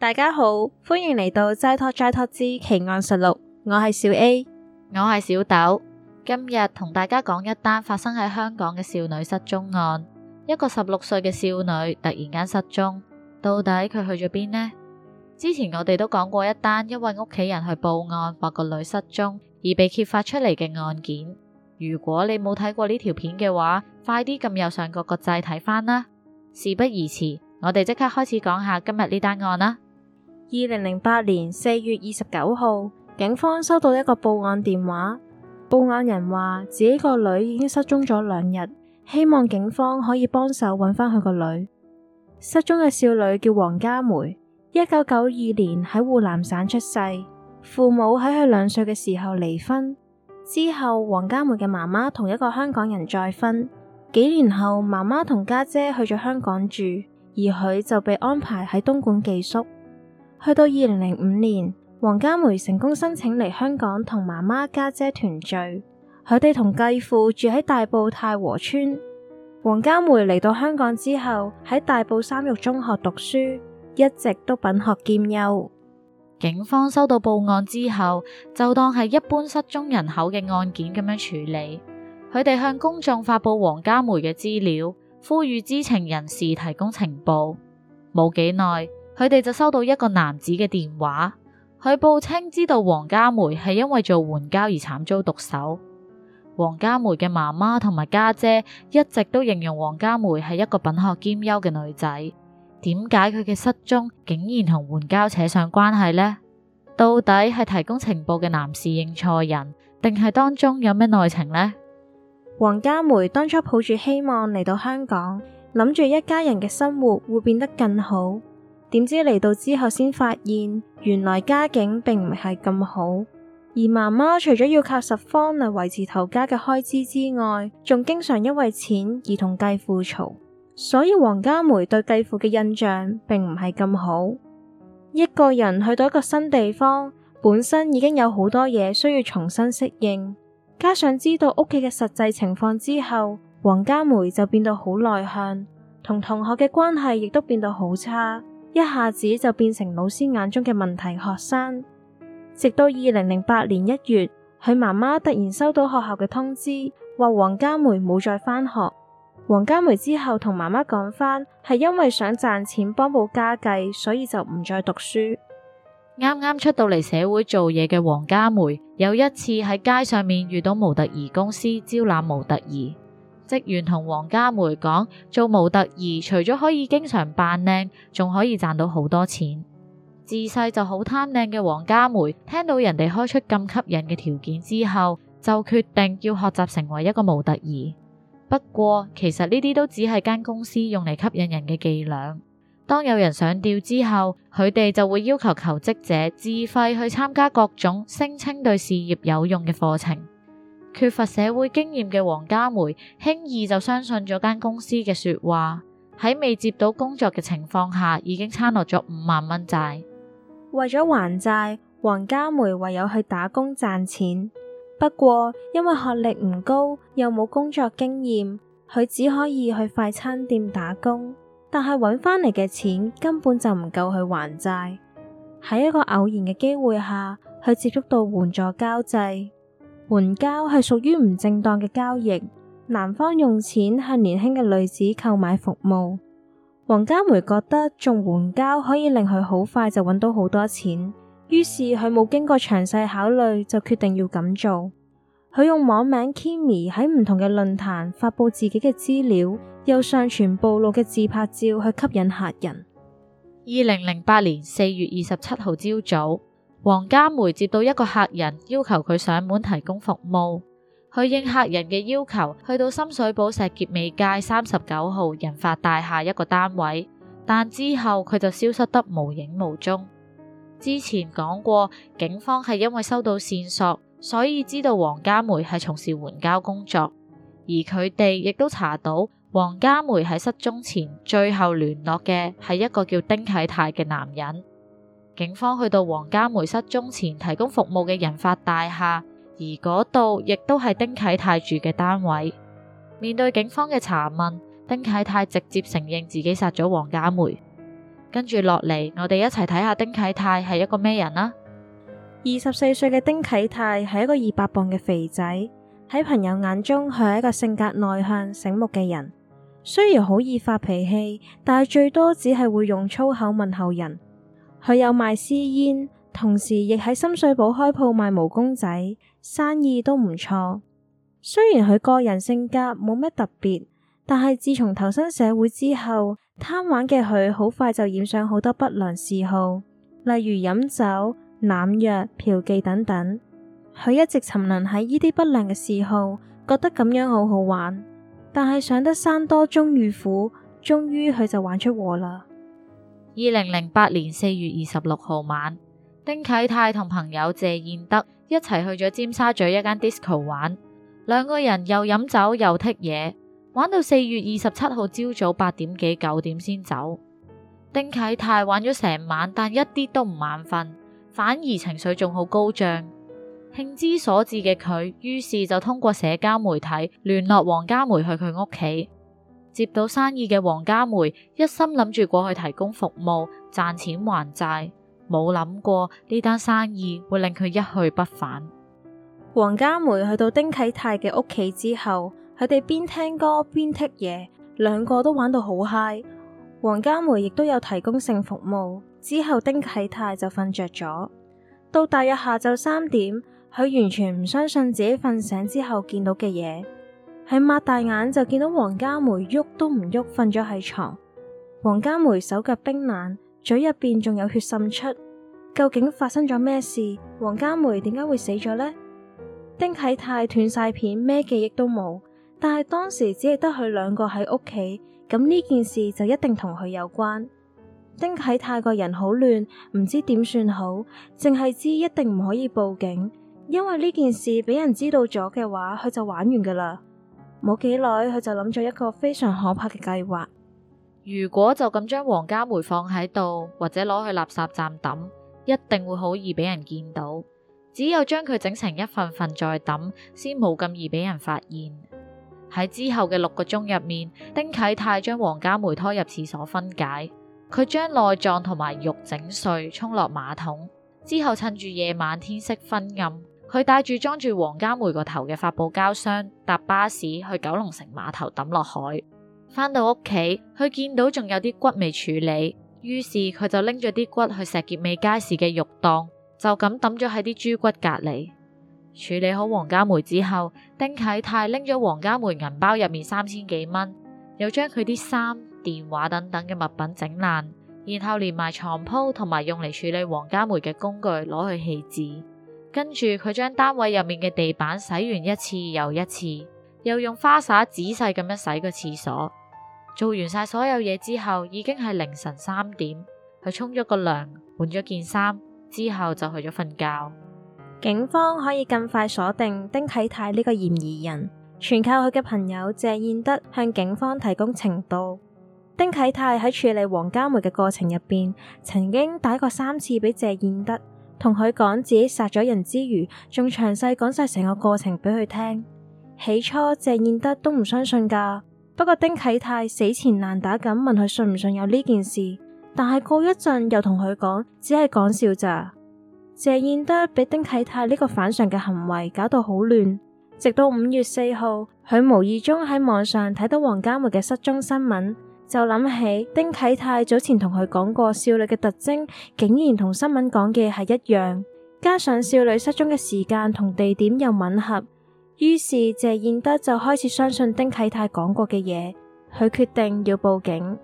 大家好，歡迎嚟到齋托齋托之奇案實錄，我係小 A，我係小豆，今日同大家講一單發生喺香港嘅少女失蹤案，一個十六歲嘅少女突然間失蹤，到底佢去咗邊呢？之前我哋都講過一單因為屋企人去報案或個女失蹤而被揭發出嚟嘅案件，如果你冇睇過呢條片嘅話，快啲撳右上角個掣睇翻啦。事不宜遲，我哋即刻開始講下今日呢單案啦。二零零八年四月二十九號，警方收到一個報案電話，報案人話自己個女已經失蹤咗兩日，希望警方可以幫手搵返佢個女。失蹤嘅少女叫王嘉梅，一九九二年喺湖南省出世，父母喺佢兩歲嘅時候離婚，之後，王嘉梅嘅媽媽同一個香港人再婚，幾年後媽媽同家姐去咗香港住，而佢就被安排喺東莞寄宿。去到二零零五年，王嘉梅成功申請嚟香港同媽媽家姐團聚，佢哋同繼父住喺大埔太和邨。王嘉梅嚟到香港之後，喺大埔三育中學讀書，一直都品學兼優。警方收到報案之後，就當係一般失蹤人口嘅案件咁樣處理。佢哋向公衆發佈王嘉梅嘅資料，呼籲知情人士提供情報。冇幾耐。佢哋就收到一個男子嘅電話，佢報稱知道王嘉梅係因為做援交而慘遭毒手。王嘉梅嘅媽媽同埋家姐一直都形容王嘉梅係一個品學兼優嘅女仔。點解佢嘅失蹤竟然同援交扯上關係呢？到底係提供情報嘅男士認錯人，定係當中有咩內情呢？王嘉梅當初抱住希望嚟到香港，諗住一家人嘅生活會變得更好。點知嚟到之後，先發現原來家境並唔係咁好，而媽媽除咗要靠拾荒嚟維持頭家嘅開支之外，仲經常因為錢而同繼父嘈，所以王嘉梅對繼父嘅印象並唔係咁好。一個人去到一個新地方，本身已經有好多嘢需要重新適應，加上知道屋企嘅實際情況之後，王嘉梅就變到好內向，同同學嘅關係亦都變到好差。一下子就變成老師眼中嘅問題學生，直到二零零八年一月，佢媽媽突然收到學校嘅通知，話王嘉梅冇再返學。王嘉梅之後同媽媽講返，係因為想賺錢幫補家計，所以就唔再讀書。啱啱出到嚟社會做嘢嘅王嘉梅，有一次喺街上面遇到模特兒公司招攬模特兒。職員同王嘉梅講，做模特兒除咗可以經常扮靚，仲可以賺到好多錢。自細就好貪靚嘅王嘉梅，聽到人哋開出咁吸引嘅條件之後，就決定要學習成為一個模特兒。不過，其實呢啲都只係間公司用嚟吸引人嘅伎倆。當有人上釣之後，佢哋就會要求求職者自費去參加各種聲稱對事業有用嘅課程。缺乏社會經驗嘅王嘉梅，輕易就相信咗間公司嘅說話。喺未接到工作嘅情況下，已經差落咗五萬蚊債。為咗還債，王嘉梅唯有去打工賺錢。不過因為學歷唔高，又冇工作經驗，佢只可以去快餐店打工。但係揾翻嚟嘅錢根本就唔夠去還債。喺一個偶然嘅機會下，佢接觸到援助交際。援交係屬於唔正當嘅交易，男方用錢向年輕嘅女子購買服務。王嘉梅覺得仲援交可以令佢好快就揾到好多錢，於是佢冇經過詳細考慮，就決定要咁做。佢用網名 Kimi 喺唔同嘅論壇發佈自己嘅資料，又上傳暴露嘅自拍照去吸引客人。二零零八年四月二十七號朝早。王嘉梅接到一個客人要求佢上門提供服務，去應客人嘅要求，去到深水埗石硤尾街三十九號仁發大廈一個單位，但之後佢就消失得無影無蹤。之前講過，警方係因為收到線索，所以知道王嘉梅係從事援交工作，而佢哋亦都查到王嘉梅喺失蹤前最後聯絡嘅係一個叫丁啟泰嘅男人。警方去到王嘉梅失蹤前提供服務嘅人發大廈，而嗰度亦都係丁啟泰住嘅單位。面對警方嘅查問，丁啟泰直接承認自己殺咗王嘉梅。跟住落嚟，我哋一齊睇下丁啟泰係一個咩人啊。二十四歲嘅丁啟泰係一個二百磅嘅肥仔，喺朋友眼中佢係一個性格內向、醒目嘅人。雖然好易發脾氣，但係最多只係會用粗口問候人。佢有賣私煙，同時亦喺深水埗開鋪賣毛公仔，生意都唔錯。雖然佢個人性格冇乜特別，但係自從投身社會之後，貪玩嘅佢好快就染上好多不良嗜好，例如飲酒、濫藥、嫖妓等等。佢一直沉淪喺呢啲不良嘅嗜好，覺得咁樣好好玩。但係上得山多終遇虎，終於佢就玩出禍啦。二零零八年四月二十六號晚，丁啟泰同朋友謝燕德一齊去咗尖沙咀一間 disco 玩，兩個人又飲酒又剔嘢，玩到四月二十七號朝早八點幾九點先走。丁啟泰玩咗成晚，但一啲都唔眼瞓，反而情緒仲好高漲，興之所至嘅佢，於是就通過社交媒體聯絡王嘉梅去佢屋企。接到生意嘅王嘉梅，一心諗住過去提供服務賺錢還債，冇諗過呢單生意會令佢一去不返。王嘉梅去到丁啟泰嘅屋企之後，佢哋邊聽歌邊剔嘢，兩個都玩到好嗨。i g 王嘉梅亦都有提供性服務，之後丁啟泰就瞓着咗。到大約下晝三點，佢完全唔相信自己瞓醒之後見到嘅嘢。係擘大眼就見到王嘉梅喐都唔喐，瞓咗喺床。王嘉梅手腳冰冷，嘴入邊仲有血滲出。究竟發生咗咩事？王嘉梅點解會死咗呢？丁啟泰斷晒片，咩記憶都冇。但係當時只係得佢兩個喺屋企，咁呢件事就一定同佢有關。丁啟泰個人好亂，唔知點算好，淨係知一定唔可以報警，因為呢件事俾人知道咗嘅話，佢就玩完噶啦。冇幾耐，佢就諗咗一個非常可怕嘅計劃。如果就咁將王嘉梅放喺度，或者攞去垃圾站抌，一定會好易俾人見到。只有將佢整成一份份再抌，先冇咁易俾人發現。喺之後嘅六個鐘入面，丁啟泰將王嘉梅拖入廁所分解。佢將內臟同埋肉整碎，沖落馬桶之後，趁住夜晚天色昏暗。佢帶住裝住王嘉梅個頭嘅發泡膠箱，搭巴士去九龍城碼頭抌落海。返到屋企，佢見到仲有啲骨未處理，於是佢就拎咗啲骨去石硤尾街市嘅肉檔，就咁抌咗喺啲豬骨隔籬。處理好王嘉梅之後，丁啟泰拎咗王嘉梅銀包入面三千幾蚊，又將佢啲衫、電話等等嘅物品整爛，然後連埋床鋪同埋用嚟處理王嘉梅嘅工具攞去棄置。跟住佢將單位入面嘅地板洗完一次又一次，又用花灑仔細咁樣洗個廁所。做完晒所有嘢之後，已經係凌晨三點，佢沖咗個涼，換咗件衫之後就去咗瞓覺。警方可以更快鎖定丁啟泰呢個嫌疑人，全靠佢嘅朋友謝燕德向警方提供情報。丁啟泰喺處理王嘉梅嘅過程入邊，曾經打過三次俾謝燕德。同佢講自己殺咗人之餘，仲詳細講晒成個過程俾佢聽。起初謝燕德都唔相信噶，不過丁啟泰死纏爛打咁問佢信唔信有呢件事，但係過一陣又同佢講，只係講笑咋。謝燕德俾丁啟泰呢個反常嘅行為搞到好亂，直到五月四號，佢無意中喺網上睇到王嘉梅嘅失蹤新聞。就諗起丁啟泰早前同佢講過少女嘅特徵，竟然同新聞講嘅係一樣，加上少女失蹤嘅時間同地點又吻合，於是謝燕德就開始相信丁啟泰講過嘅嘢。佢決定要報警。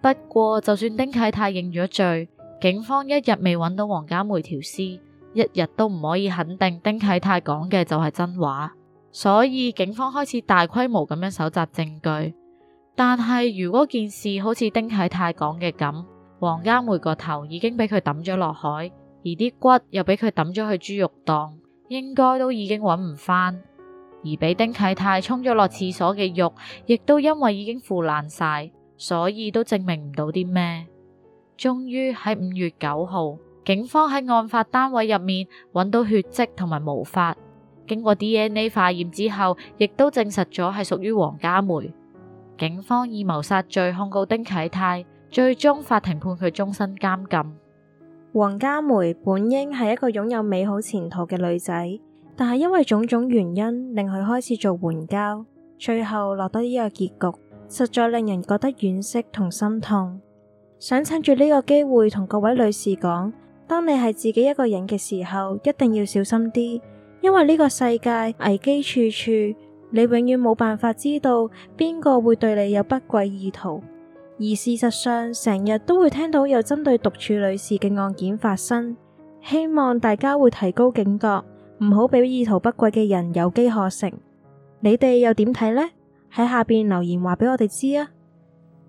不過就算丁啟泰認咗罪，警方一日未揾到王嘉梅條屍，一日都唔可以肯定丁啟泰講嘅就係真話，所以警方開始大規模咁樣搜集證據。但係，如果件事好似丁啟泰講嘅咁，王嘉梅個頭已經俾佢抌咗落海，而啲骨又俾佢抌咗去豬肉檔，應該都已經揾唔返。而俾丁啟泰沖咗落廁所嘅肉，亦都因為已經腐爛晒，所以都證明唔到啲咩。終於喺五月九號，警方喺案發單位入面揾到血跡同埋毛髮，經過 DNA 化驗之後，亦都證實咗係屬於王嘉梅。警方以謀殺罪控告丁啟泰，最終法庭判佢終身監禁。王嘉梅本應係一個擁有美好前途嘅女仔，但係因為種種原因令佢開始做援交，最後落得呢個結局，實在令人覺得惋惜同心痛。想趁住呢個機會同各位女士講，當你係自己一個人嘅時候，一定要小心啲，因為呢個世界危機處處。你永遠冇辦法知道邊個會對你有不軌意圖，而事實上成日都會聽到有針對獨處女士嘅案件發生。希望大家會提高警覺，唔好俾意圖不軌嘅人有機可乘。你哋又點睇呢？喺下邊留言話俾我哋知啊！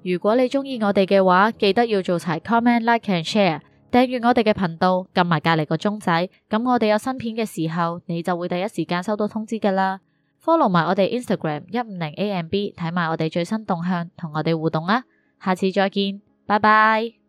如果你鍾意我哋嘅話，記得要做齊 comment、like and share，訂閱我哋嘅頻道，撳埋隔籬個鐘仔，咁我哋有新片嘅時候，你就會第一時間收到通知噶啦。Follow 埋我哋 Instagram 一五零 AMB，睇埋我哋最新動向，同我哋互動啊！下次再見，拜拜。